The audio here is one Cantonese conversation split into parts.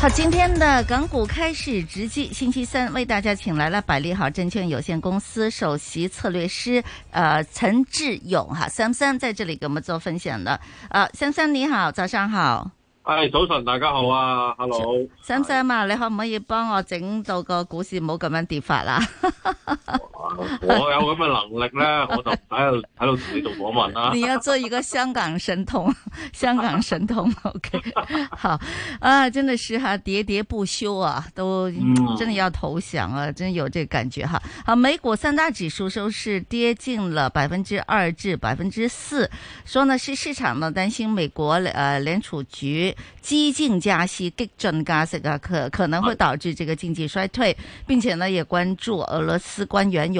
好，今天的港股開市直擊，星期三為大家請來了百利好證券有限公司首席策略師，呃，陳志勇哈，岑生在這裏給我們做分享的，呃、啊，岑生你好，早上好，哎，早晨大家好啊，hello，岑生嘛、啊，你可唔可以幫我整到個股市冇咁樣跌法啦？ 我有咁嘅能力咧， 我就喺度喺度做訪問啊。你要做一個香港神童， 香港神童，OK，好啊，真的是哈喋喋不休啊，都真的要投降啊，嗯、真有這感覺哈。好，美股三大指數收市跌近了百分之二至百分之四，說呢是市場呢擔心美國呃聯儲局激進加息、激進加息啊，可可能會導致這個經濟衰退，並且呢也關注俄羅斯官員有。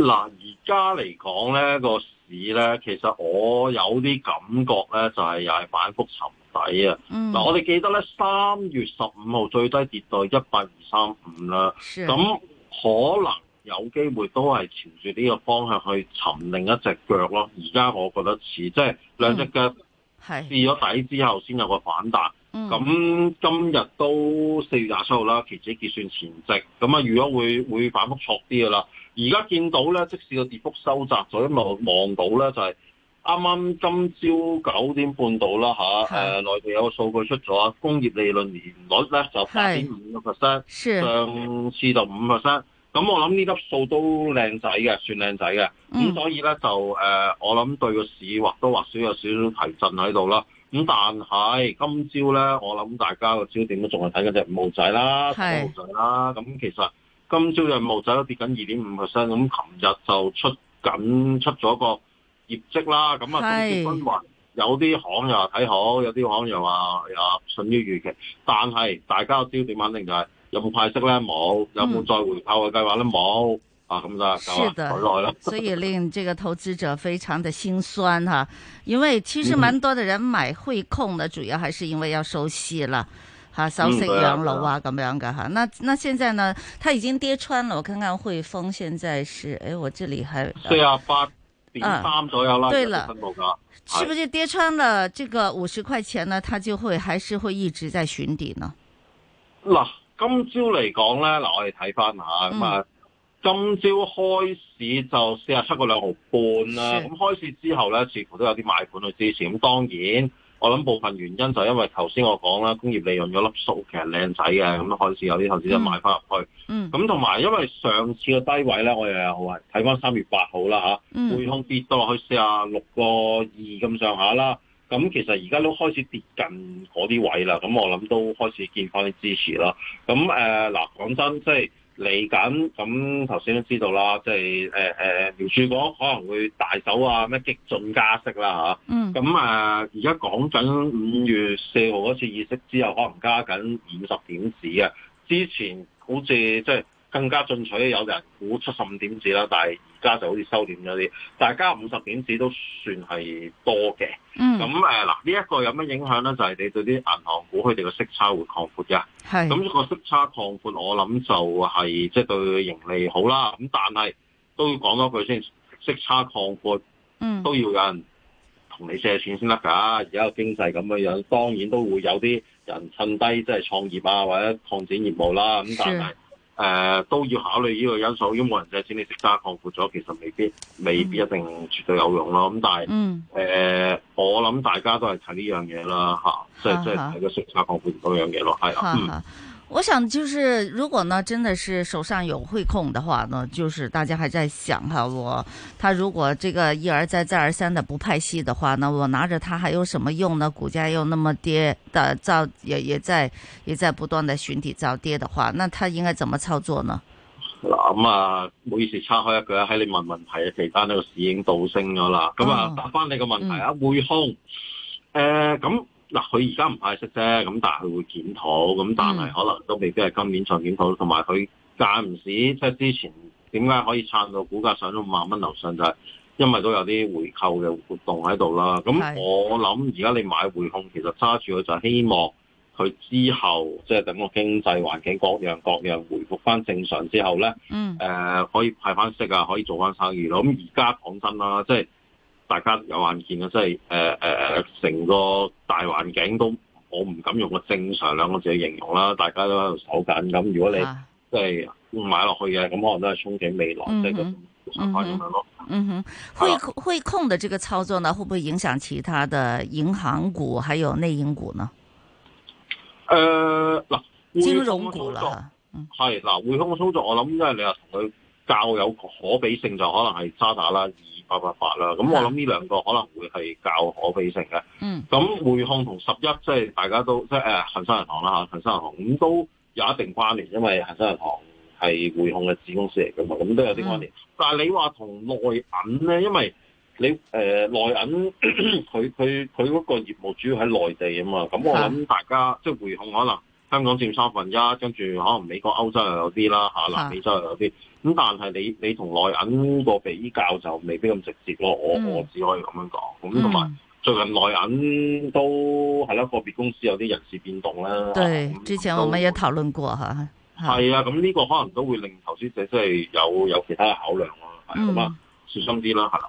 嗱，而家嚟講咧，個市咧，其實我有啲感覺咧，就係又係反覆沉底啊。嗱、嗯，我哋記得咧，三月十五號最低跌到一八二三五啦。咁是可能有機會都係朝住呢個方向去沉另一隻腳咯。而家我覺得似即係兩隻腳試咗底之後，先有個反彈。咁、嗯、今日都四月廿七號啦，期指結算前夕，咁啊，預咗會反覆錯啲噶啦。而家見到咧，即使個跌幅收窄咗，因為望到咧就係啱啱今朝九點半到啦嚇，誒、啊是呃、內地有個數據出咗，工業利潤年率咧就八點五個 percent，上次就五 percent。咁我諗呢粒數都靚仔嘅，算靚仔嘅。咁所以咧就誒、呃，我諗對個市或多或少有少少提振喺度啦。咁、嗯、但係今朝咧，我諗大家個焦點都仲係睇緊隻五號仔啦，六是啦。咁其實，嗯今朝務仔都跌緊二點五 percent，咁琴日就出緊出咗個業績啦，咁啊，眾的說紛紜，有啲行又話睇好，有啲行又話又順於預期，但係大家嘅焦點肯定就係有冇派息咧，冇；有冇再回購嘅計劃咧，冇。啊，咁就係咁好耐啦。所以令這個投資者非常的心酸哈、啊， 因為其實蠻多的人買匯控呢，主要還是因為要收息啦。吓 s o m e 養老啊咁、啊嗯啊啊、樣噶吓，那那現在呢，它已經跌穿了，我看看匯豐現在是，誒、哎，我這裏還四廿八點三左右啦，咁樣公布價，是，是，是不是跌穿了這個五十塊錢呢？它就會還是會一直在尋底呢？嗱，今朝嚟講咧，嗱我哋睇翻吓，咁啊、嗯，今朝開始就四廿七個兩毫半啦，咁是開始之後咧，似乎都有啲買盤去支持，咁當然。我諗部分原因就係因為頭先我講啦，工業利潤咗粒數其實靚仔嘅，咁開始有啲投資都買翻入去，嗯。嗯。咁同埋因為上次嘅低位咧，我又有位睇翻三月八號啦嚇，匯控跌到落去四啊六個二咁上下啦。咁其實而家都開始跌近嗰啲位啦。咁我諗都開始見翻啲支持啦。咁誒嗱，講、呃、真即係。嚟緊咁，頭先都知道啦，即係誒誒，聯儲局可能會大手啊，咩激進加息啦、啊、吓，嗯。咁啊，而家講緊五月四號嗰次議息之後，可能加緊五十點子啊。之前好似即係。就是更加進取，有人估七十五點子啦，但係而家就好似收斂咗啲，大家五十點子都算係多嘅。咁誒嗱，呢一、啊這個有咩影響咧？就係、是、你對啲銀行股，佢哋個息差會擴闊嘅。係是，咁個息差擴闊我想、就是，我諗就係即係對盈利好啦。咁但係都要講多句先，息差擴闊，嗯、都要有人同你借錢先得㗎。而家個經濟咁樣，樣，當然都會有啲人趁低即係、就是、創業啊，或者擴展業務啦、啊。咁但係。誒、呃、都要考慮呢個因素，因為人借錢，你息差擴闊咗，其實未必未必一定絕對有用咯。咁但係誒，我諗大家都係睇呢樣嘢啦，嚇，哈即係即係睇個息差擴闊咁樣嘢咯，係啦。我想就是，如果呢，真的是手上有匯控的話呢，就是大家還在想哈，我他如果這個一而再、再而三的不派息的話呢，我拿着他，還有什麼用呢？股價又那麼跌的，造也也在也在不斷的尋底造跌的話，那他應該怎麼操作呢？嗱、嗯，咁、嗯、啊，唔好意思插開一句啊，喺你問問題嘅期間，呢個市已經倒升咗啦。咁、嗯、啊，答翻你個問題啊，匯控，誒，咁。嗱，佢而家唔派息啫，咁但係佢會檢討，咁但係可能都未必係今年才檢討，同埋佢間唔時即係之前點解可以撐到股價上咗五萬蚊樓上，就係、是、因為都有啲回購嘅活動喺度啦。咁我諗而家你買匯控，其實揸住佢就係希望佢之後即係等個經濟環境各樣各樣，各樣回復翻正常之後咧，誒、嗯呃、可以派翻息啊，可以做翻生意咯。咁而家講真啦，即係。大家有眼見啊，即係誒誒，成、呃、個大環境都我唔敢用個正常兩個字去形容啦。大家都喺度手緊，咁如果你、啊、即係買落去嘅，咁可能都係憧憬未來，即係個上開咁樣咯。嗯哼，匯、嗯、匯啦控嘅這個操作呢，會唔會影響其他的銀行股，還有內銀股呢？誒嗱、呃，匯金融股啦，嗯，係嗱，匯控嘅操作，嗯、我諗因為你話同佢較有可比性，就可能係渣打啦。八八八啦，咁我諗呢兩個可能會係較可比性嘅。嗯，咁匯控同十一即係大家都即係誒恒生銀行啦嚇，恒生銀行咁都有一定關聯，因為恒生銀行係匯控嘅子公司嚟㗎嘛，咁都有啲關聯。嗯、但係你話同內銀咧，因為你誒、呃、內銀佢佢佢嗰個業務主要喺內地啊嘛，咁我諗大家的即係匯控可能。香港佔三分一，跟住可能美國、歐洲又有啲啦，嚇，南美洲又有啲。咁係但係你你同內銀個比較就未必咁直接咯，我、嗯、我只可以咁樣講。咁同埋最近內銀都係啦、啊、個別公司有啲人事變動啦。對、嗯、之前我咪有討論過係啊，咁呢、啊、個可能都會令投資者即係有有其他嘅考量咯。啊、嗯。咁啊，小心啲啦，係啦。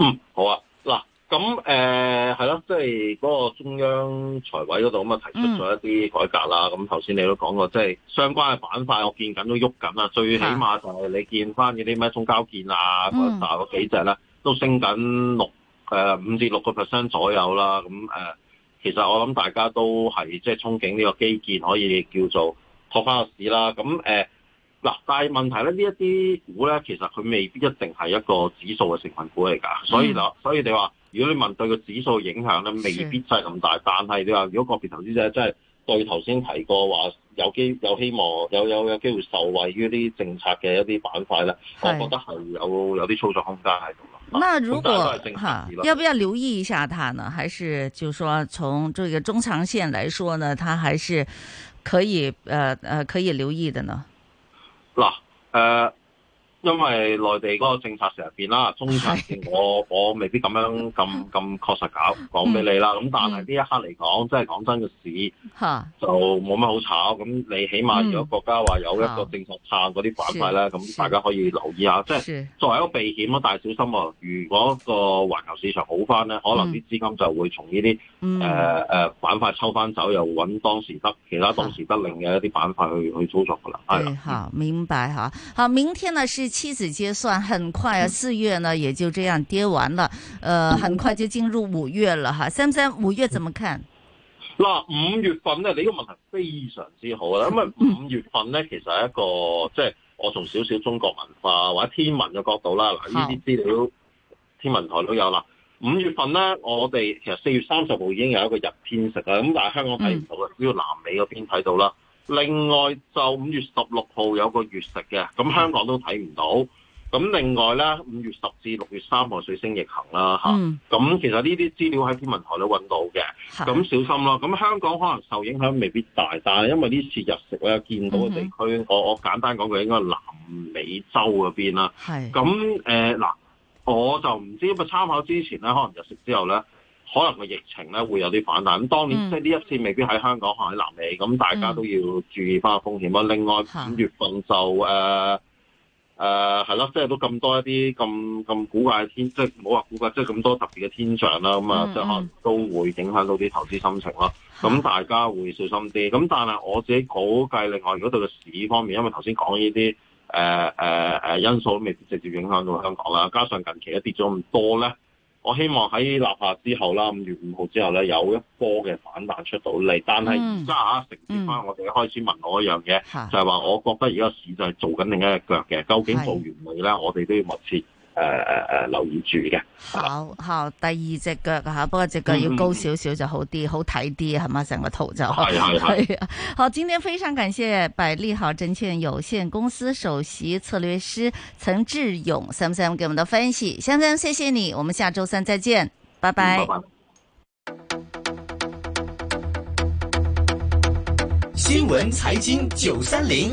嗯，好啊，嗱，咁誒係咯，即係嗰個中央財委嗰度咁啊提出咗一啲改革啦，咁頭先你都講過，即係相關嘅板塊，我見緊都喐緊啦，最起碼就係你見翻啲咩中交建啊，大有幾隻啦，都升緊六誒五至六個 percent 左右啦，咁誒、呃，其實我諗大家都係即係憧憬呢個基建可以叫做托翻個市啦，咁誒。呃。嗱，但係問題咧，呢一啲股咧，其實佢未必一定係一個指數嘅成分股嚟噶，所以就所以你話，如果你問對個指數影響咧，未必真係咁大。是但係你話，如果個別投資者真係對頭先提過話有機有希望有有有機會受惠於呢啲政策嘅一啲板塊咧，是我覺得係有有啲操作空間喺度咯。那如果要不要留意一下他呢？還是就是說從這個中長線來說呢？他還是可以呃，呃，可以留意的呢？嗱，誒。因為內地嗰個政策成日變啦，中長期我我未必咁樣咁咁確實搞，講俾你啦。咁但係呢一刻嚟講，即係講真嘅市，就冇乜好炒。咁你起碼如果國家話有一個政策撐嗰啲板塊咧，咁大家可以留意下。即係作為一個避險咯，但係小心啊！如果個環球市場好翻咧，可能啲資金就會從呢啲誒誒板塊抽翻走，又揾當時得其他當時得另嘅一啲板塊去去操作噶啦。係啦，好明白吓。好，明天呢是。妻子結算很快啊，四月呢也就這樣跌完了，嗯呃、很快就進入五月了吓，Samson 五月怎麼看？嗱，五月份呢，你呢個問題非常之好啦，因為五月份呢，其實係一個即係我從少少中國文化或者天文嘅角度啦。嗱，呢啲資料天文台都有啦。五月份呢，我哋其實四月三十號已經有一個日偏食啊，咁但係香港睇唔到啊，呢個、嗯、南美嗰邊睇到啦。另外就五月十六號有個月食嘅，咁香港都睇唔到。咁另外咧，五月十至六月三號水星逆行啦，咁、嗯啊、其實呢啲資料喺天文台都搵到嘅，咁是小心咯。咁香港可能受影響未必大，但係因為呢次日食咧，見到嘅地區，嗯嗯我我簡單講句，應該係南美洲嗰邊啦。咁誒嗱，我就唔知咪參考之前咧，可能日食之後咧。可能個疫情咧會有啲反彈，咁當年即係呢一次未必喺香港，可能喺南美，咁大家都要注意翻個風險咯。嗯、另外五月份就誒誒係啦即係都咁多一啲咁咁古怪嘅天，即係冇話古怪，即係咁多特別嘅天象啦，咁啊、嗯，即係、嗯、可能都會影響到啲投資心情啦咁的、嗯、大家會小心啲。咁但係我自己估計，另外如果對個市方面，因為頭先講呢啲誒誒因素都未直接影響到香港啦，加上近期一跌咗咁多咧。我希望喺立夏之後啦，五月五號之後咧有一波嘅反彈出到嚟。但係揸下承接翻我哋開始問我一樣嘢，嗯、就係話我覺得而家市就係做緊另一隻腳嘅，究竟做完未咧？我哋都要密切。呃，呃，呃，留意住嘅，好好。第二隻腳吓，不過隻腳要高少少就好啲，好睇啲係嘛，成、這個嗯、個頭就係係係，是是是是 好，今天非常感謝百利好證券有限公司首席策略師岑智勇先生給我們嘅分析，先生謝謝你，我們下週三再見，拜拜。嗯、拜拜新聞財經九三零。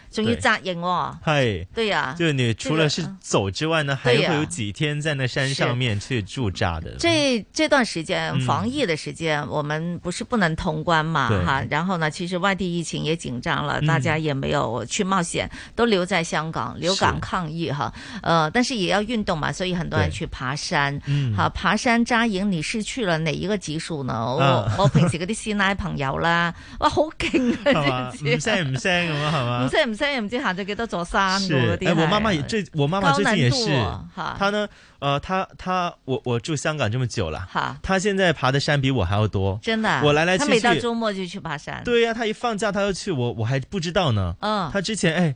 仲要紮營喎，係，對呀，就你除了是走之外呢，還會有幾天在那山上面去駐紮的。這這段時間防疫的時間，我們不是不能通關嘛，哈，然後呢，其實外地疫情也緊張了，大家也沒有去冒險，都留在香港，留港抗疫哈。呃，但是也要運動嘛，所以很多人去爬山，好爬山紮營，你是去了哪一個級數呢？我我平時嗰啲師奶朋友啦，哇，好勁啊，知唔知？唔聲唔聲咁啊，係嘛？唔聲唔。真唔知爬到幾多座山嗰啲，哎，我媽媽也，這我媽媽最近也是，哦、她呢，呃，她她，她我我住香港這麼久了，好她現在爬的山比我還要多，真的、啊，我來來去去，每到周末就去爬山，對呀、啊，她一放假她要去，我我還不知道呢，嗯、她之前，哎。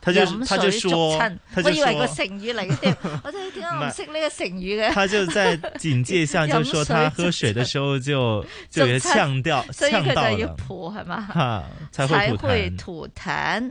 他就他就說，我以為個成語嚟嘅， 我真係點解唔識呢個成語嘅？他 就在警戒下就說，他喝水的時候就就嗆掉，嗆到吐痰嘛，才會吐痰。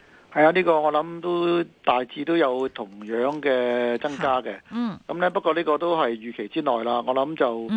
係啊，呢個我諗都大致都有同樣嘅增加嘅。嗯，咁呢不過呢個都係預期之內啦。我諗就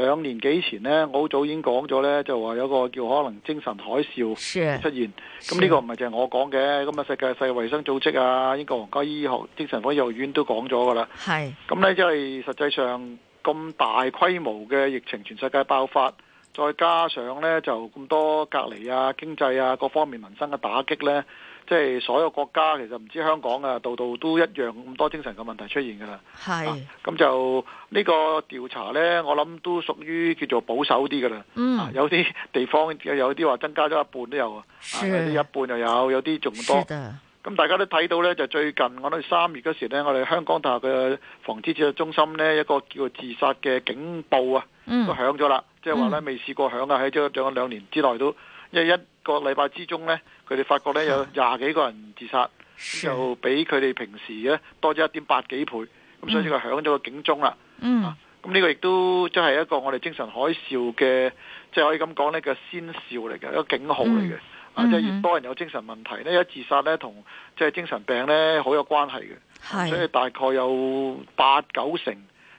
兩年幾前呢，我好早已經講咗呢，就話有個叫可能精神海嘯出現。咁呢是個唔係淨係我講嘅，咁啊世界世界衛生組織啊，英國皇家醫學精神科醫學院都講咗噶啦。係是。咁呢即係、就是、實際上咁大規模嘅疫情全世界爆發，再加上呢，就咁多隔離啊、經濟啊各方面民生嘅打擊呢。即係所有國家其實唔知香港啊，度度都一樣咁多精神嘅問題出現㗎啦。係是，咁、啊、就呢個調查呢，我諗都屬於叫做保守啲㗎啦。有啲地方有啲話增加咗一半都有的啊，有一半又有，有啲仲多。咁的、啊、大家都睇到呢，就最近我哋三月嗰時呢，我哋香港大學嘅防治治療中心呢，一個叫做自殺嘅警報啊，嗯、都響咗啦。即係話呢，未試過響啊！喺即係長兩年之內都，因為一一個禮拜之中呢。佢哋發覺咧有廿幾個人自殺，是就比佢哋平時咧多咗一點八幾倍，咁所以佢響咗個警鐘啦。嗯，咁呢、嗯啊、個亦都真係一個我哋精神海嘯嘅，即、就、係、是、可以咁講呢個先兆嚟嘅，一個警號嚟嘅。嗯、啊，即、就、係、是、越多人有精神問題，嗯嗯、因為自殺呢一自殺咧同即係精神病咧好有關係嘅。是所以大概有八九成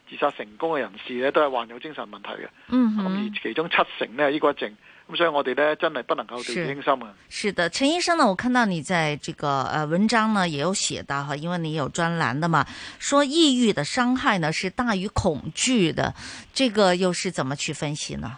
自殺成功嘅人士咧都係患有精神問題嘅。咁、嗯嗯、而其中七成咧依、這個症。咁所以我哋咧真係不能夠掉以輕心啊！是的，陳醫生呢，我看到你在這個誒文章呢，也有寫到哈，因為你有專欄的嘛，說抑鬱的傷害呢是大於恐懼的，這個又是怎麼去分析呢？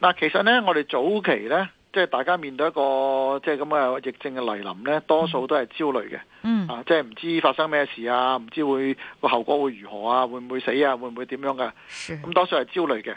嗱，其實呢，我哋早期呢，即係大家面對一個即係咁嘅疫症嘅嚟臨呢，多數都係焦慮嘅，嗯啊，即係唔知發生咩事啊，唔知會個後果會如何啊，會唔會死啊，會唔會點樣噶、啊？咁是，多數係焦慮嘅。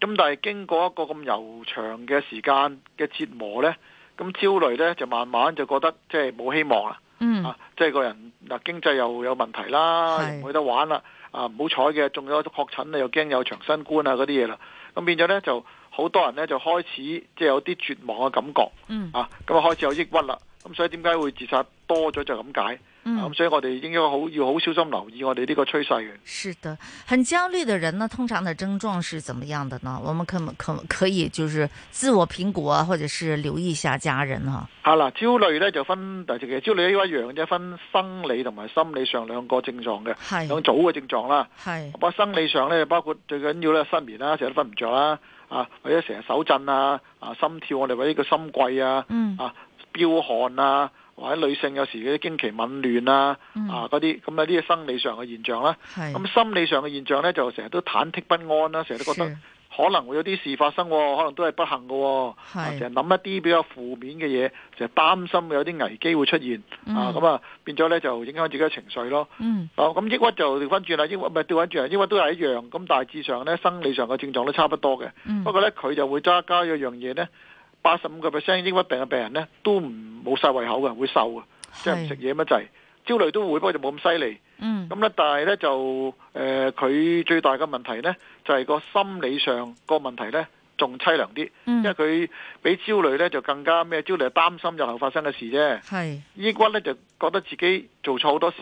咁但係經過一個咁悠長嘅時間嘅折磨呢，咁焦慮呢就慢慢就覺得即係冇希望啦，嗯、啊，即係個人嗱經濟又有問題啦，冇得是玩啦，啊唔好彩嘅，仲有確診啊，又驚有長新冠啊嗰啲嘢啦，咁變咗呢，就好多人呢就開始即係有啲絕望嘅感覺，嗯、啊，咁啊開始有抑鬱啦。咁所以點解會自殺多咗就咁解？咁、嗯啊、所以我哋應該好要好小心留意我哋呢個趨勢嘅。是的，很焦慮的人呢，通常的症狀是怎麼樣的呢？我們可可可以就是自我評估啊，或者是留意一下家人哈。啊，嗱、嗯，焦慮咧就分第幾隻嘅？是是焦慮呢一樣嘅啫，分生理同埋心理上兩個症狀嘅。係。兩組嘅症狀啦。係。包括生理上咧，包括最緊要咧失眠啦，成日都瞓唔着啦，啊，或者成日手震啊，啊心跳，我哋話呢個心悸啊，嗯啊。標汗啊，或者女性有時嗰啲經期紊亂啊，嗯、啊嗰啲咁啊啲生理上嘅現象啦。咁是心理上嘅現象呢，就成日都忐忑不安啦、啊，成日都覺得可能會有啲事發生、哦，可能都係不幸嘅、哦。成日諗一啲比較負面嘅嘢，成日擔心有啲危機會出現。嗯、啊咁啊，變咗呢，就影響自己嘅情緒咯。咁、嗯啊、抑鬱就調翻轉啦，抑鬱咪係調翻轉啊，抑鬱都係一樣。咁大致上呢，生理上嘅症狀都差不多嘅。嗯、不過呢，佢就會揸加咗一樣嘢呢。八十五個 percent 抑鬱病嘅病人咧，都唔冇晒胃口嘅，會瘦嘅，即係唔食嘢乜滯。焦慮都會，不過就冇咁犀利。嗯，咁咧、嗯，但係咧就誒，佢、呃、最大嘅問題咧，就係、是、個心理上個問題咧，仲淒涼啲。嗯、因為佢比焦慮咧就更加咩？焦慮係擔心日後發生嘅事啫。係是，抑鬱咧就覺得自己做錯好多事，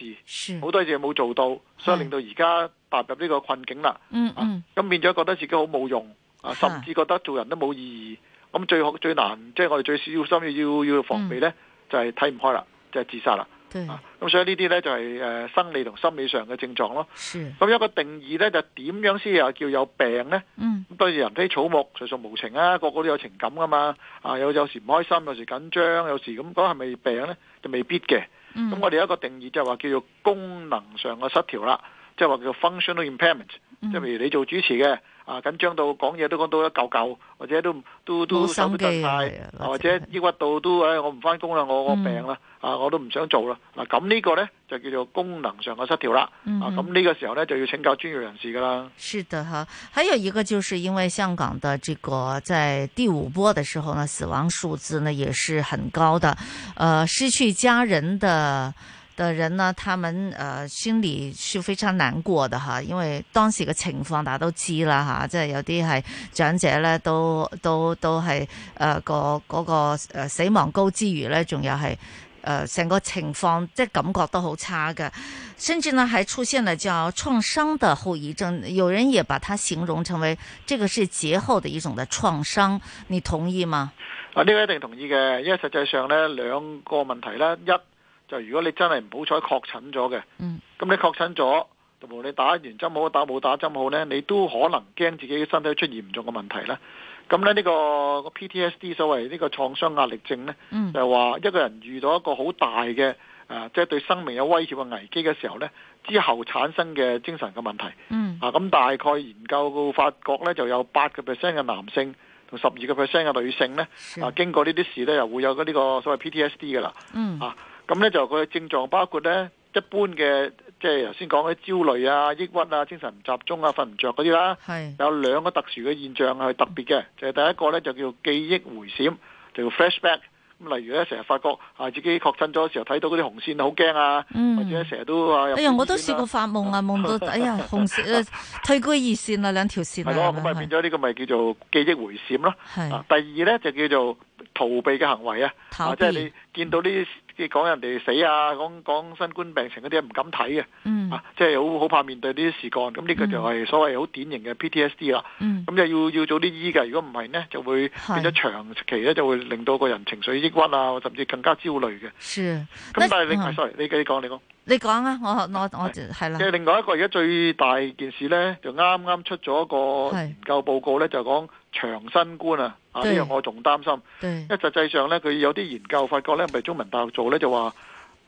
好是多嘢冇做到，是所以令到而家踏入呢個困境啦。嗯嗯，咁、啊、變咗覺得自己好冇用啊，甚至覺得做人都冇意義。咁最好最難，即、就、係、是、我哋最小心要要防備呢，嗯、就係睇唔開啦，就係、是、自殺啦。咁對、啊、所以呢啲呢，就、呃、係生理同心理上嘅症狀咯。咁是一個定義呢，就點、是、樣先又叫有病呢？嗯、對住人非草木，隨俗無情啊，個個都有情感噶嘛。啊，有有時唔開心，有時緊張，有時咁，講係咪病呢？就未必嘅。咁、嗯、我哋有一個定義就係話叫做功能上嘅失調啦，即係話叫 functional impairment，即係譬如你做主持嘅。啊緊張到講嘢都講到一嚿嚿，或者都都都受唔或者抑鬱到都唉、哎，我唔返工啦，我我病啦、嗯啊，啊我都唔想做啦。嗱咁呢個咧就叫做功能上嘅失調啦。啊咁呢個時候咧就要請教專業人士噶啦。是的哈，還有一個就是因為香港的這個在第五波的時候呢，死亡數字呢也是很高的，呃失去家人的。的人呢，他們誒、呃、心裏是非常難過的吓，因為當時嘅情況大家都知啦吓，即係有啲係長者咧，都都都係誒、呃、個嗰個誒、呃、死亡高之餘咧，仲有係誒成個情況即係感覺都好差嘅，甚至呢還出現了叫創傷的後遺症，有人也把它形容成為，這個是劫後的一種的創傷，你同意嗎？啊，呢、這個一定同意嘅，因為實際上咧兩個問題咧一。就如果你真係唔好彩確診咗嘅，咁、嗯、你確診咗，同埋你打完針好打冇打針好咧，你都可能驚自己身體出現嚴重嘅問題咧。咁咧呢個 PTSD 所謂呢個創傷壓力症咧，嗯、就話一個人遇到一個好大嘅啊，即係對生命有威脅嘅危機嘅時候咧，之後產生嘅精神嘅問題。嗯、啊，咁大概研究發覺咧，就有八個 percent 嘅男性同十二個 percent 嘅女性咧，是啊，經過呢啲事咧，又會有呢個所謂 PTSD 噶啦。啊、嗯咁咧就佢嘅症狀包括咧，一般嘅即係頭先講嘅焦慮啊、抑鬱啊、精神唔集中啊、瞓唔着嗰啲啦。係是有兩個特殊嘅現象係特別嘅，嗯、就係第一個咧就叫記憶回閃，就叫 flashback、嗯。咁例如咧成日發覺啊自己確診咗嘅時候睇到嗰啲紅線好驚啊，嗯、或者成日都話哎呀我都試過發夢啊，啊夢到哎呀紅線 退過二線啦，兩條線啦咁啊。係。咁咪變咗呢個咪叫做記憶回閃囉。係。第二咧就叫做逃避嘅行為逃避啊，即係你。見到呢啲，即係講人哋死啊，講講新冠病情嗰啲，唔敢睇嘅，嗯、啊，即係好好怕面對呢啲事幹，咁呢個就係所謂好典型嘅 PTSD 啦。咁、嗯、就要要做啲醫嘅，如果唔係呢，就會變咗長期咧，是就會令到個人情緒抑鬱啊，甚至更加焦慮嘅。咁是但係另外 s，、嗯、sorry 你繼續講，你講。你講啊，我我我係啦。即係另外一個而家最大件事呢，就啱啱出咗一個研究報告呢，是就講。長新冠啊！對啊，呢樣我仲擔心，對因為實際上咧，佢有啲研究發覺呢，唔係中文大學做呢，就話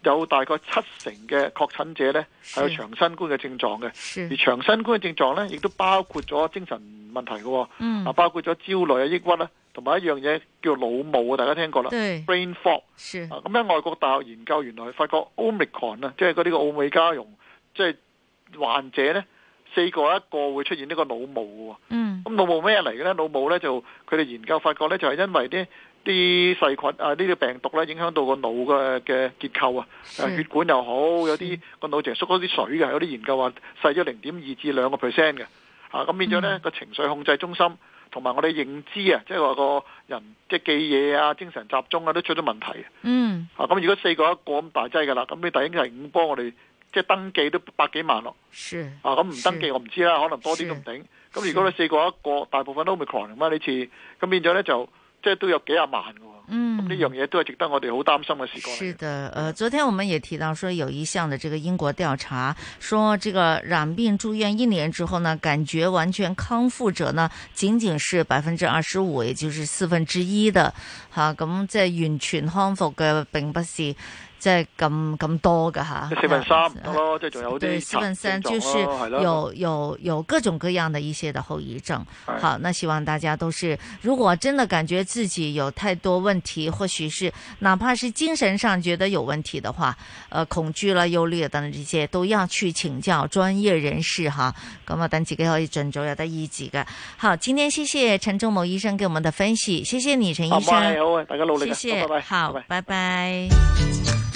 有大概七成嘅確診者呢係是有長新冠嘅症狀嘅，是而長新冠嘅症狀呢，亦都包括咗精神問題嘅、哦，啊、嗯，包括咗焦慮啊、抑鬱啦，同埋一樣嘢叫腦霧啊。大家聽過啦，brain fog。咁喺外國大學研究，原來發覺 omicron 啊，即係嗰啲個奧美加用，即、就、係、是、患者呢。四個一個會出現呢個腦霧。嗯，咁腦霧咩嚟嘅呢？腦霧呢，就佢哋研究發覺呢，就係、是、因為啲啲細菌啊，呢啲病毒呢，影響到個腦嘅嘅結構是啊，血管又好，有啲個是腦成縮咗啲水嘅，有啲研究話細咗零點二至兩個 percent 嘅，嚇、啊、咁變咗呢個、嗯、情緒控制中心同埋我哋認知啊，即係話個人即係記嘢啊、精神集中啊都出咗問題。嗯，咁、啊、如果四個一個咁大劑㗎啦，咁你第一應該係五幫我哋。即係登記都百幾萬咯，是啊，咁唔登記我唔知啦，是可能多啲都唔定。咁如果你四個一個，是大部分都未狂嘛呢次，咁變咗咧就即係都有幾廿萬嘅。嗯，呢樣嘢都係值得我哋好擔心嘅事。是的，誒、呃，昨天我們也提到說有一項嘅這個英國調查，說這個染病住院一年之後呢，感覺完全康復者呢，僅僅是百分之二十五，也就是四分之一的吓，咁即係完全康復嘅並不是。嗯嗯即係咁咁多噶吓對，四分三咯，即係仲有啲殘症狀咯，係咯，有有有各種各樣的一些的後遺症。對好，那希望大家都是，如果真的感覺自己有太多問題，或許是哪怕是精神上覺得有問題的話，呃，恐懼啦憂慮等等這些都要去請教專業人士哈。咁啊，我等幾個可以斟酌要得一幾個。好，今天謝謝陳仲謀醫生給我們的分析，謝謝你，陳醫生。好大家努力。謝謝，哦、bye bye, 好，拜拜 bye。Bye bye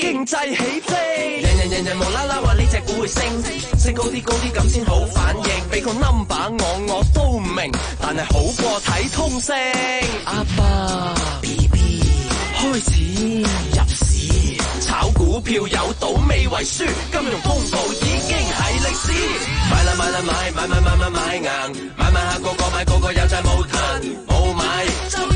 經濟起飛，人人人人無啦啦話呢隻股會升，升，升高啲高啲咁先好反應。俾個冧板我我都唔明，但係好過睇通勝。阿爸，B B 開始入市炒股票，有賭未為輸，金融風暴已經係歷史。買啦買啦買買買買買買硬，買，買買下個個買個個有債冇冇買。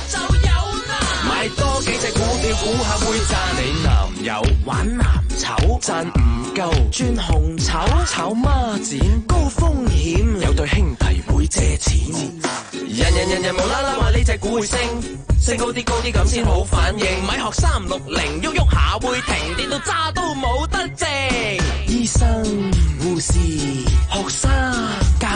估下會讚你男友玩藍籌，賺唔夠轉紅籌，炒孖展高風險，有對兄弟會借錢，人人人人無啦啦話呢隻股會升，升高啲高啲咁先好反應，咪學三六零，喐喐下會停跌到渣都冇得正。醫生、護士、學生。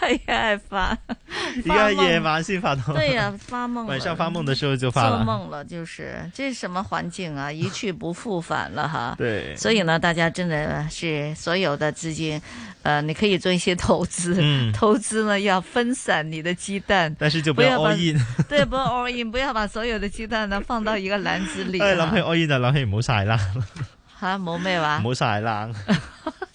哎呀，發，發而家夜晚先發夢，對呀、啊，發夢晚上發夢的時候就發了，做夢了，就是這是什麼環境啊？一去不復返了哈。 對，所以呢，大家真的是所有的資金，呃，你可以做一些投資，嗯、投資呢要分散你的雞蛋，但是就不要 all in 不要把。In 對，不要 all in，不要把所有的雞蛋呢放到一個籃子裏、啊 哎老。all in 的籃子唔好晒啦。吓， 冇咩話？唔好晒啦。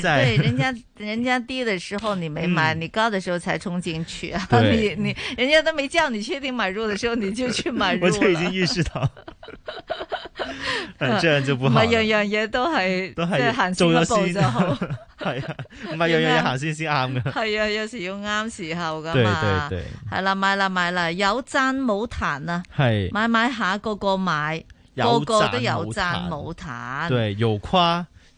對人家人家低的時候你沒買，你高的時候才衝進去。你你人家都沒叫你確定買入的時候，你就去買入，我就已經預示到，咁樣就不好。唔係樣樣嘢都係，都係行先一步就好。係啊，唔係樣樣嘢行先先啱嘅。係啊，有時要啱時候噶嘛。對對對，係啦，買啦買啦，有讚冇彈啊！係，買買下個個買，個個都有讚冇彈。對，有誇。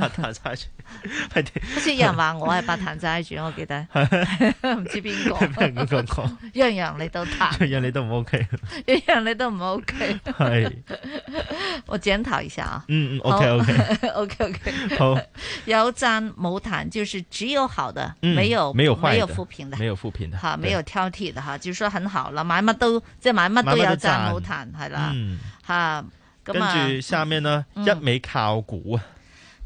白彈齋主，好似有人話我係白彈齋主，我記得，唔知邊個，邊個講，樣樣你都彈，樣樣你都唔 OK，樣樣你都唔 OK，係，我檢討一下啊，嗯，OK OK OK OK，好，有讚冇彈，就是只有好的，沒有沒有沒有負評的，沒有負評的，哈，沒有挑剔的，哈，就說很好啦，買乜都即係買乜都有讚冇彈，係啦，吓，咁啊，跟住下面呢，一味靠估啊。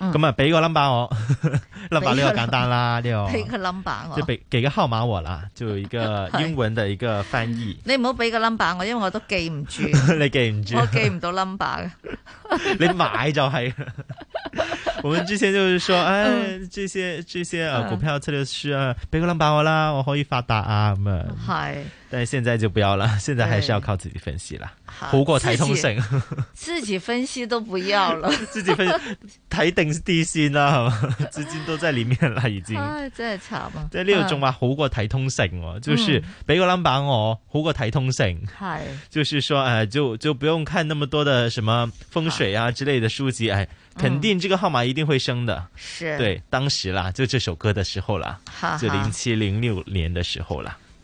咁啊，俾、嗯、個 number 我，number 呢個簡單啦，呢個俾個 number 我，即係俾，給個號碼我，我啦，就一個英文嘅一個翻譯。你唔好俾個 number 我，因為我都記唔住， 你記唔住，我記唔到 number 嘅。 你買就係、是， 我們之前就是說，唉、哎，這些這些啊股票，出咗書啊，俾個 number 我啦，我可以發達啊咁啊。係。但現在就不要了，現在還是要靠自己分析了，好過睇通勝，自己分析都不要了。自己分析，睇定啲先啦，係嘛？資金都在裏面了，已經，唉，真係慘啊！即六呢度仲好過睇通勝，就是俾個 number 我，好過睇通勝。係，就是說，哎就就不用看那麼多的什麼風水啊之類的書籍，哎肯定這個號碼一定會升的。是，對，當時啦，就這首歌的時候啦，好就零七零六年的時候啦。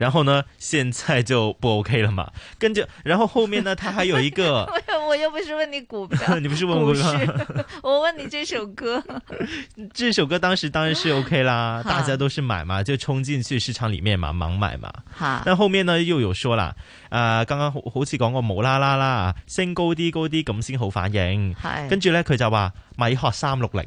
然後呢，現在就不 OK 了嘛？跟着，然後後面呢，他還有一個， 我又不是問你股票， 你不是問我嗎股票，我問你這首歌。 這首歌當時當然是 OK 啦， 大家都是買嘛，就衝進去市場裏面嘛，盲買嘛。好， 但後面呢又有說啦，呃，剛剛好好似講過冇啦啦啦，升高啲高啲咁先好反應。係， 跟住咧，佢就話米殼三六零。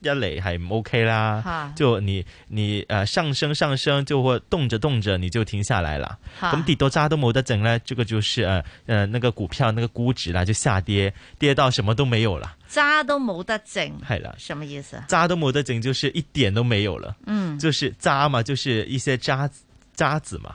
一累還 OK 啦，哈就你你呃上升上升，就會動着動着你就停下來了。咁哈地多渣都冇得整呢，這個就是呃呃那個股票那個估值，啦就下跌，跌到什麼都沒有了。渣都冇得整，係啦，什麼意思？渣都冇得整，就是一點都沒有了。嗯，就是渣嘛，就是一些渣渣子嘛。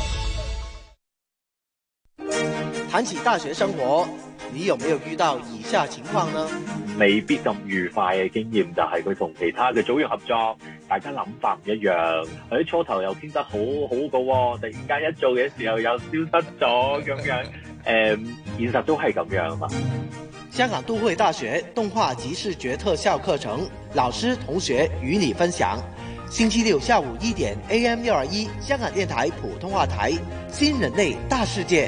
談起大學生活，你有沒有遇到以下情況呢？未必咁愉快嘅經驗，就係佢同其他嘅組員合，合作，大家諗法唔一樣，喺初頭又傾得好好個，突然間一做嘅時候又消失咗咁樣。誒、嗯，現實都係咁樣嘛。香港都會大學動畫及視覺特效課程老師同學與你分享，星期六下午一點 A.M. 六二一香港電台普通話台《新人類大世界》。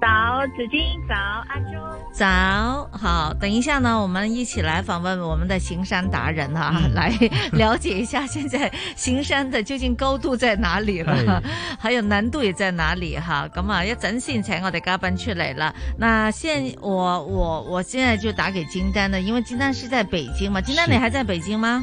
早，子矜早，阿朱早，好，等一下呢，我們一起來訪問我們的行山達人啊，嗯、來了解一下現在行山的究竟高度在哪裏了， 還有難度也在哪裏哈。咁啊，一陣先請我哋嘉賓出嚟啦。那現我我我現在就打給金丹呢，因為金丹是在北京嘛，金丹你還在北京嗎？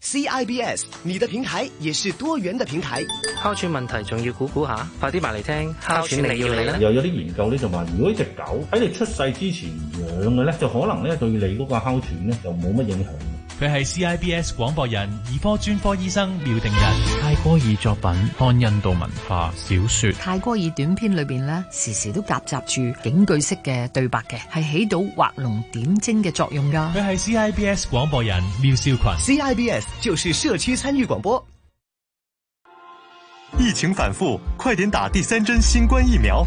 CIBS，你的平台也是多元的平台。哮喘問題仲要估估下，快啲埋嚟聽哮喘你要你咧，又有啲研究咧，就話如果一隻狗喺你出世之前養嘅咧，就可能咧對你嗰個哮喘咧就冇乜影響。佢係 CIBS 廣播人，兒科專科醫生廖定仁。泰戈爾作品，看印度文化小說。泰戈爾短片裏邊咧，時時都夾雜住警句式嘅對白嘅，係起到畫龍點睛嘅作用噶。佢係 CIBS 廣播人廖少群。CIBS 就是社區參與廣播。疫情反覆，快點打第三針新冠疫苗。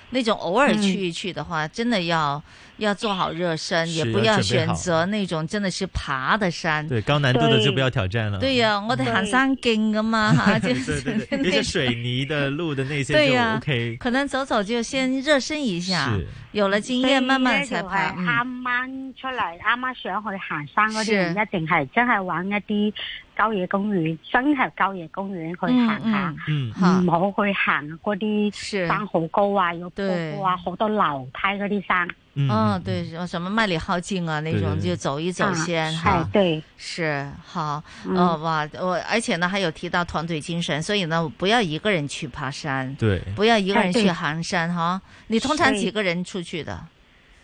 那種偶爾去一去的話，真的要要做好熱身，也不要選擇那種真的是爬的山。對，高難度的就不要挑戰了。對呀，我得行山徑嘅嘛，哈，就是那些水泥的路的那些就 OK。可能走走就先熱身一下，有了經驗慢慢才爬。所以咧，就係啱啱出嚟，啱啱想去行山嗰啲人，一定係真係玩一啲。郊野公園真係郊野公園去行下，唔好去行嗰啲山好高啊，有坡哇，好多樓梯嗰啲山。嗯，對，什麼麥理浩徑啊，那種就走一走先。哎，對，是好。哦，哇，我而且呢，還有提到團隊精神，所以呢，不要一個人去爬山，對，不要一個人去行山，哈。你通常幾個人出去的？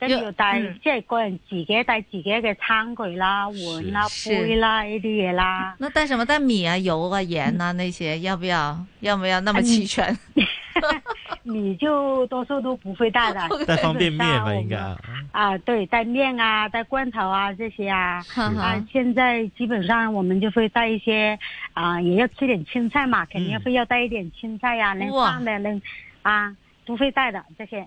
跟有帶即係個人自己帶自己嘅餐具啦、碗啦、杯啦一啲嘢。啦。那帶什麼？帶米啊、油啊、鹽啊那些，要不要？要不要那麼齊全？米就多數都不會帶的。帶方便麵吧，應該。啊，對，帶麵啊，帶罐頭啊，這些啊。啊，現在基本上我們就會帶一些，啊，也要吃點青菜嘛，肯定會要帶一點青菜呀，能放的能，啊，都會帶的這些。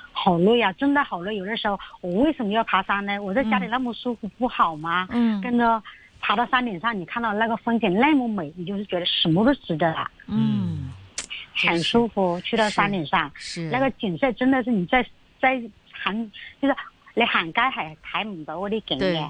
好累啊，真的好累。有的時候，我為什麼要爬山呢？我在家裏那麼舒服，不好嗎？嗯，跟着爬到山頂上，你看到那個風景那麼美，你就是覺得什麼都值得了。嗯，很舒服，是去到山頂上，那個景色真的是你在在喊，就是你行街係睇唔到嗰啲景嘅。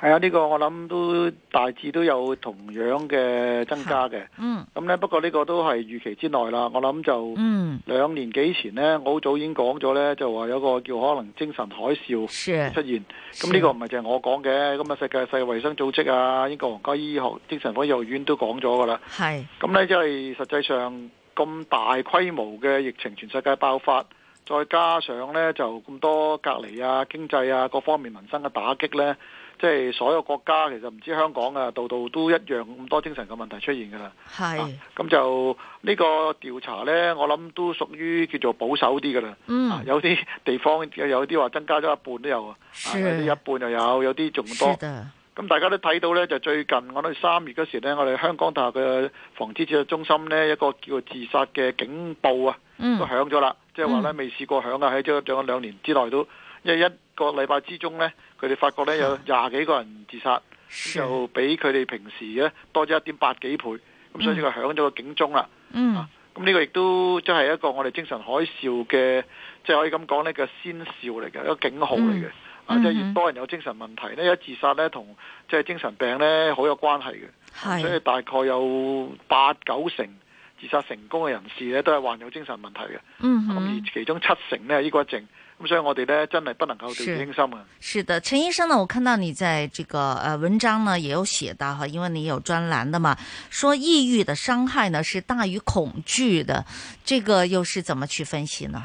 係啊，呢個我諗都大致都有同樣嘅增加嘅。嗯，咁呢不過呢個都係預期之內啦。我諗就兩年幾前呢，我好早已經講咗呢，就話有一個叫可能精神海嘯出現。咁呢是個唔係淨係我講嘅，咁啊世界世界衞生組織啊，英國皇家醫學精神科醫學院都講咗噶啦。係咁咧，即係、就是、實際上咁大規模嘅疫情全世界爆發，再加上呢，就咁多隔離啊、經濟啊各方面民生嘅打擊呢。即係所有國家其實唔知香港啊，度度都一樣咁多精神嘅問題出現㗎啦。係是，咁、啊、就呢個調查呢，我諗都屬於叫做保守啲㗎啦。有啲地方有啲話增加咗一半都有是啊，有啲一半又有，有啲仲多。咁的、啊、大家都睇到呢，就最近我諗三月嗰時咧，我哋香港大學嘅防止治療中心呢，一個叫做自殺嘅警報啊，嗯、都響咗啦。即係話呢，未試過響啊！喺即係長咗兩年之內都，因為一個禮拜之中呢。佢哋發覺咧，有廿幾個人自殺，是就比佢哋平時咧多咗一點八幾倍，咁所以佢響咗個警鐘啦。咁呢個亦都即係一個我哋精神海嘯嘅，即係可以咁講呢嘅先兆嚟嘅，一個警號嚟嘅。嗯、啊，即係越多人有精神問題呢，一自殺咧同即係精神病咧好有關係嘅。是所以大概有八九成自殺成功嘅人士咧都係患有精神問題嘅。咁、嗯嗯、而其中七成咧抑鬱症。咁、嗯、所以我哋咧真係不能夠掉以輕心啊！是的，陳醫生呢，我看到你在這個誒文章呢，也有寫到哈，因為你有專欄的嘛，說抑鬱的傷害呢是大於恐懼的，這個又是怎麼去分析呢？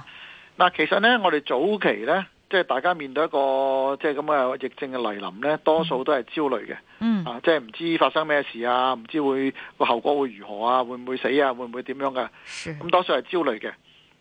嗱，其實呢，我哋早期呢，即係大家面對一個即係咁嘅疫症嘅嚟臨呢，多數都係焦慮嘅，嗯啊，即係唔知發生咩事啊，唔知會個後果會如何啊，會唔會死啊，會唔會點樣嘅？咁是，多數係焦慮嘅。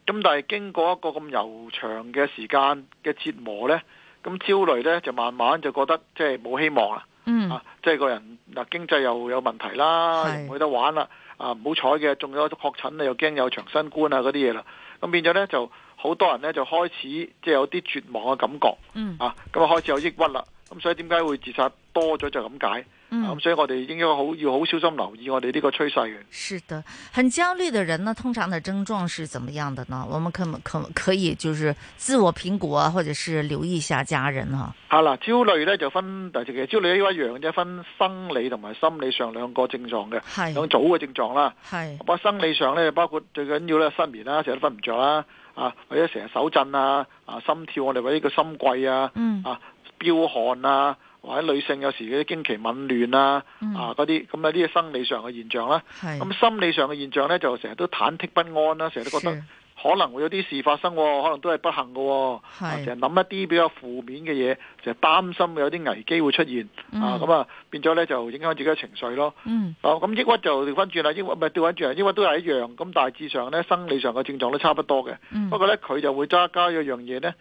咁但係經過一個咁悠長嘅時間嘅折磨呢，咁焦慮呢就慢慢就覺得即係冇希望啦，嗯、啊，即係個人嗱經濟又有問題啦，冇得是玩啦，啊唔好彩嘅，中咗確診啊，又驚有長新冠啊嗰啲嘢啦，咁變咗呢，就好多人呢就開始即係有啲絕望嘅感覺，嗯、啊，咁啊開始有抑鬱啦。咁所以點解會自殺多咗就咁解？咁、嗯啊、所以我哋應該好要好小心，留意我哋呢個趨勢嘅。是的，很焦慮的人呢，通常的症狀是怎麼樣的呢？我們可可可以就是自我評估，啊、嗯，或者是留意一下家人啊。啊啦，焦慮呢就分大只嘅焦慮一樣嘅啫，分生理同埋心理上兩個症狀嘅。係。兩組嘅症狀啦。係。我生理上呢，包括最緊要呢，失眠啦，成日都瞓唔着啦，啊或者成日手震啊，啊心跳我哋話呢個心悸啊，啊。嗯嗯標汗啊，或者女性有時嗰啲經期紊亂啊，嗯、啊嗰啲咁啊啲生理上嘅現象啦、啊。咁是、啊、心理上嘅現象呢，就成日都忐忑不安啦、啊，成日都覺得可能會有啲事發生、哦，可能都係不幸嘅、哦，成日諗一啲比較負面嘅嘢，成日擔心有啲危機會出現，嗯、啊咁啊變咗呢就影響自己嘅情緒咯。咁抑鬱就調翻轉啦，抑鬱咪係調翻轉啊，抑鬱都係一樣，咁大致上呢，生理上嘅症狀都差不多嘅，嗯、不過呢，佢就會揸加一樣嘢呢。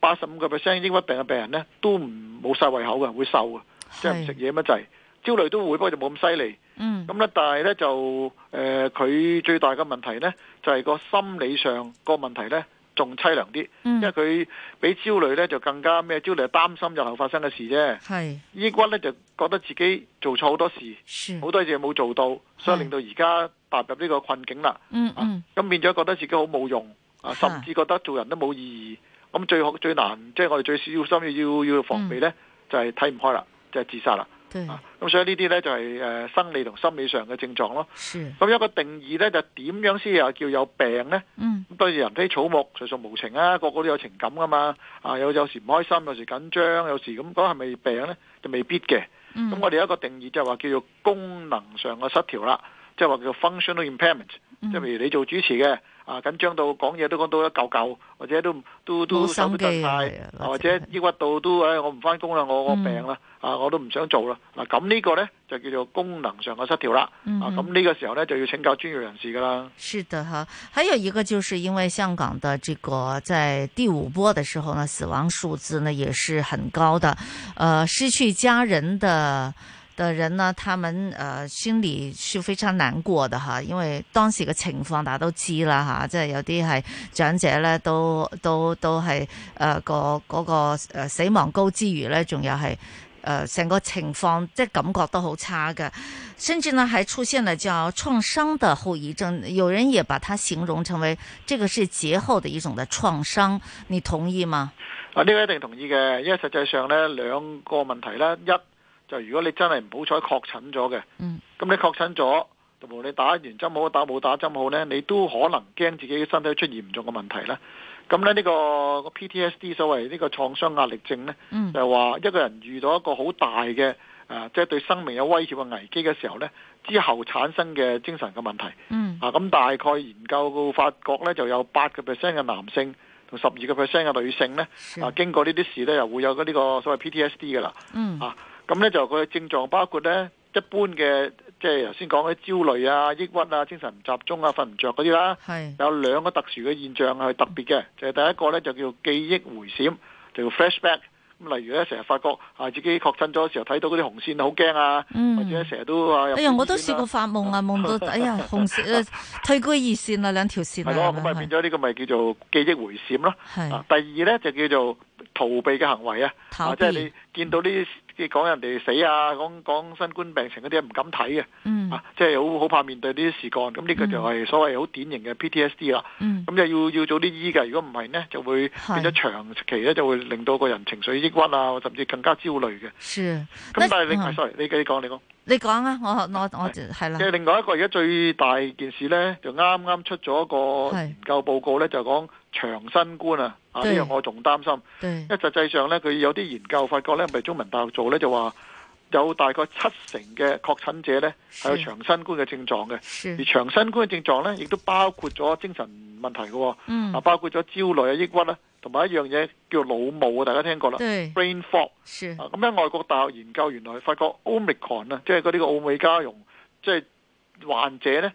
八十五個 percent 抑鬱病嘅病人咧，都唔冇晒胃口嘅，會瘦嘅，即係唔食嘢乜滯。焦慮都會，不過就冇咁犀利。嗯，咁咧、嗯，但係咧就誒，佢、呃、最大嘅問題咧，就係、是、個心理上個問題咧，仲凄涼啲。嗯、因為佢比焦慮咧就更加咩？焦慮係擔心日後發生嘅事啫。係抑鬱咧就覺得自己做錯好多事，好是多嘢冇做到，是所以令到而家踏入呢個困境啦。嗯嗯，咁、啊、變咗覺得自己好冇用啊，甚至覺得做人都冇意義。咁最好最難，即、就、係、是、我哋最小心要要防備呢，嗯、就係睇唔開啦，就係、是、自殺啦。咁對、啊、所以呢啲呢，就係誒生理同心理上嘅症狀咯。咁是 一個定義呢，就點、是、樣先又叫有病呢？咁當然、嗯、人非草木，隨俗無情啊，個個都有情感噶嘛。啊有有時唔開心，有時緊張，有時咁，嗰係咪病呢？就未必嘅。咁、嗯、我哋有一個定義就係話叫做功能上嘅失調啦，即係話叫做 functional impairment。即係譬如你做主持嘅。啊！緊張到講嘢都講到一嚿嚿，或者都都都手震，或者抑鬱到都誒、哎，我唔翻工啦，我我病啦，嗯、啊，我都唔想做啦。嗱、啊，咁呢個咧就叫做功能上嘅失調啦。嗯、哼啊，咁呢個時候咧就要請教專業人士噶啦。是的哈，還有一個就是因為香港的這個在第五波的時候呢，死亡數字呢也是很高的，呃，失去家人的。的人呢，他們誒、呃、心裏是非常難過的吓，因為當時嘅情況大家都知啦吓，即係有啲係長者咧，都都都係誒、呃、個個誒、呃、死亡高之餘咧，仲有係誒成個情況，即係感覺都好差嘅，甚至呢還出現了叫創傷的後遺症，有人也把它形容成為，這個是劫後的一種的創傷，你同意嗎？啊，呢、這個一定同意嘅，因為實際上咧，兩個問題咧一。就如果你真係唔好彩確診咗嘅，咁、嗯、你確診咗，同埋你打完針好打冇打針好咧，你都可能驚自己嘅身體出現嚴重嘅問題呢。咁咧呢個 PTSD 所謂呢個創傷壓力症咧，嗯、就話一個人遇到一個好大嘅啊，即係對生命有威脅嘅危機嘅時候咧，之後產生嘅精神嘅問題。嗯、啊，咁大概研究發覺咧，就有八個 percent 嘅男性同十二個 percent 嘅女性咧，是啊，經過呢啲事咧，又會有呢個所謂 PTSD 噶啦。嗯、啊咁咧就佢嘅症狀包括咧一般嘅，即係頭先講嘅焦慮啊、抑鬱啊、精神唔集中啊、瞓唔着嗰啲啦。係是有兩個特殊嘅現象係特別嘅，嗯、就係第一個咧就叫記憶回閃，就叫 flashback、嗯。咁例如咧成日發覺啊自己確診咗嘅時候睇到嗰啲紅線好驚啊，嗯、或者成日都話，哎呀，我都試過發夢啊，嗯、夢到哎呀紅線 退居二線啦，兩條線啊。係咯，咁咪變咗呢個咪叫做記憶回閃咯。是啊、第二咧就叫做逃避嘅行為避啊，即係你。見到呢啲講人哋死啊，講講新冠病情嗰啲，唔敢睇嘅，嗯、啊，即係好好怕面對呢啲事幹，咁呢個就係所謂好典型嘅 PTSD 啦。咁、嗯、就要要做啲醫嘅，如果唔係呢，就會變咗長期咧，是就會令到個人情緒抑鬱啊，甚至更加焦慮嘅。咁是、嗯、但係另外 sorry，你繼續講，你講，你講啊，我我我係啦。即係另外一個而家最大件事呢，就啱啱出咗一個研究報告呢，是就講。長新冠啊！對啊，呢樣我仲擔心，對因為實際上咧，佢有啲研究發覺呢，唔係中文大學做呢，就話有大概七成嘅確診者呢係是有長新冠嘅症狀嘅。是而長新冠嘅症狀呢，亦都包括咗精神問題嘅，哦，啊、嗯、包括咗焦慮啊、抑鬱啦，同埋一樣嘢叫腦霧。啊，大家聽過啦，brain fog。咁咧外國大學研究，原來發覺 omicron 啊，即係嗰啲個奧美加用，即、就、係、是、患者呢。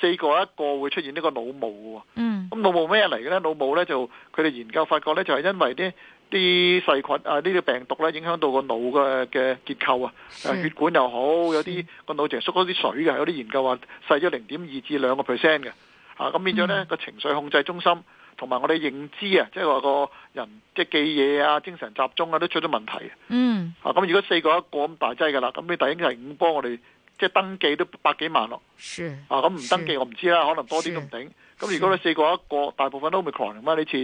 四個一個會出現呢個腦霧喎，嗯，咁腦霧咩嚟嘅呢？腦霧呢，就佢哋研究發覺呢，就係、是、因為啲啲細菌啊，呢啲病毒呢，影響到個腦嘅嘅結構是啊，血管又好，是有啲個腦成縮咗啲水嘅，有啲研究話細咗零點二至兩個 percent 嘅，嚇、啊、咁變咗呢個、嗯、情緒控制中心同埋我哋認知啊，即係話個人即係記嘢啊、精神集中啊，都出咗問題。嗯，咁、啊、如果四個一個咁大劑㗎啦，咁你第一係五波我哋。即係登記都百幾萬咯，是，啊咁唔、嗯、登記我唔知啦，是可能多啲都唔頂。咁、嗯、如果你四個一個，大部分都 Omicron 嘛呢次，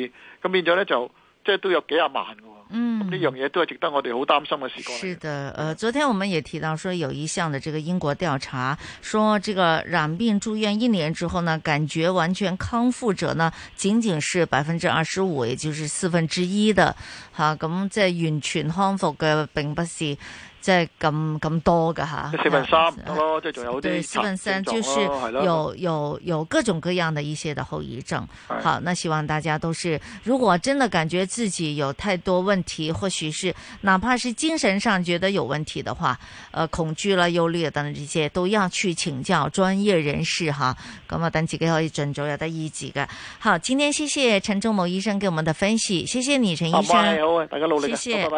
咁變咗咧就即係都有幾廿萬嘅。嗯，呢樣嘢都係值得我哋好擔心嘅事。是的，呃，昨天我們也提到說有一項嘅這個英國調查，說這個染病住院一年之後呢，感覺完全康復者呢，僅僅是百分之二十五，也就是四分之一的嚇。咁即係完全康復嘅並不是。嗯即係咁咁多噶吓，四分三都咯，分係仲有了有有有各種各樣的一些的後遺症。對好，那希望大家都是，如果真的感覺自己有太多問題，或許是哪怕是精神上覺得有問題的話，呃，恐懼啦、憂慮等等這些都要去請教專業人士哈。咁啊，等幾個可以整咗要得醫幾個。好，今天謝謝陳仲謀醫生給我們的分析，謝謝你陳醫生。好大家努力謝謝。拜拜